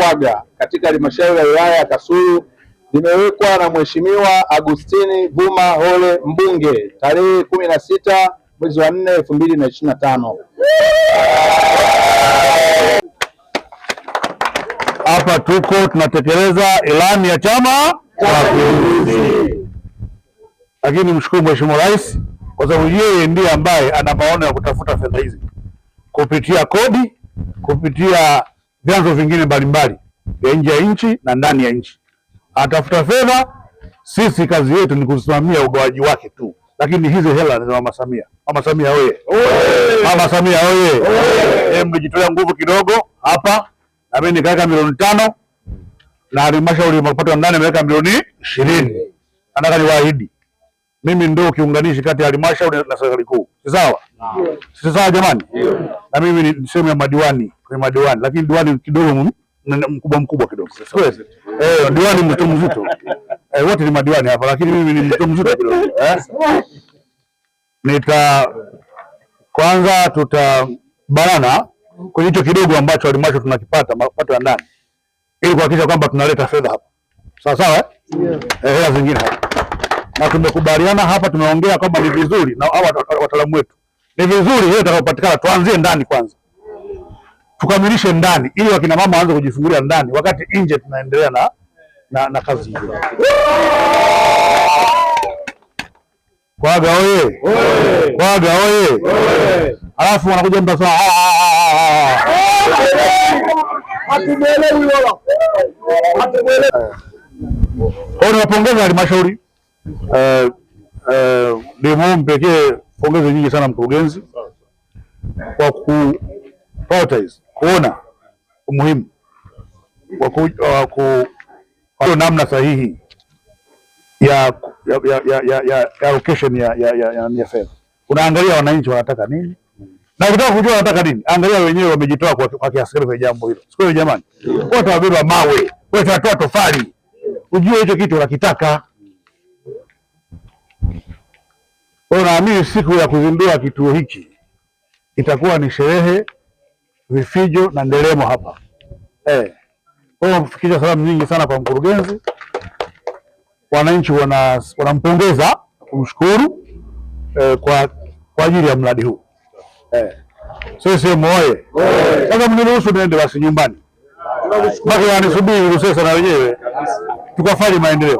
Kwaga katika halmashauri ya wilaya ya Kasulu limewekwa na Mheshimiwa Agustini Vuma Hole mbunge tarehe kumi na sita mwezi wa nne elfu mbili na ishirini na tano. Hapa tuko tunatekeleza ilani ya Chama cha Mapinduzi, lakini mshukuru Mheshimiwa Rais kwa sababu yeye ndiye ambaye ana maono ya kutafuta fedha hizi kupitia kodi, kupitia vyanzo vingine mbalimbali vya nje ya nchi na ndani ya nchi. Atafuta fedha, sisi kazi yetu ni kusimamia ugawaji wake tu, lakini hizo hela ni za mama Samia. Mama Samia oye! Mama Samia oye! Mmejitolea nguvu kidogo hapa, na mimi nikaweka milioni tano na halmashauri mapato ya ndani ameweka milioni ishirini. Nataka niwaahidi mimi ndio kiunganishi kati ya halmashauri na serikali kuu, si sawa? Si sawa jamani? Na mimi ni sehemu ya madiwani kwenye madiwani, lakini diwani kidogo mkubwa mkubwa kidogo, eh, diwani mtu mzito eh, wote ni madiwani hapa, lakini mimi ni mtu mzito kidogo eh. Nita kwanza tutabanana kwenye hicho kidogo ambacho alimacho tunakipata mapato ya ndani, ili kuhakikisha kwamba tunaleta fedha hapa, sawa sawa eh? Yeah. Eh, hela zingine hapa na tumekubaliana hapa, tumeongea kwamba ni vizuri na hawa wataalamu wetu, ni vizuri hiyo itakayopatikana tuanzie ndani kwanza tukamilishe ndani ili wakina mama waanze kujifungulia ndani, wakati nje tunaendelea na, na, na kazi hiyo. Kwaga oye! Kwaga oye! Alafu wanakuja mtu asema ah, ah, ah, hatuelewi wala halmashauri demo eh, eh, pekee, pongezi nyingi sana mkurugenzi kwa ku prioritize kuona umuhimu wa namna sahihi ya ya location ya ya fedha. Unaangalia wananchi wanataka nini, na ukitaka kujua wanataka nini, angalia wenyewe wamejitoa kwa kiasi gani jambo hilo, sio jamani? Watu wabeba mawe, watu watoa tofali, ujue hicho kitu unakitaka. Naamini siku ya kuzindua kituo hiki itakuwa ni sherehe vifijo na nderemo hapa eh. Mfikisha salamu nyingi sana kwa mkurugenzi, wananchi wanampongeza wana kumshukuru eh, kwa, kwa ajili ya mradi huu eh. Sisemu oye! Sasa eh. mniruhusu niende basi nyumbani mpaka wanisubiri Rusesa na wenyewe tukafanye maendeleo.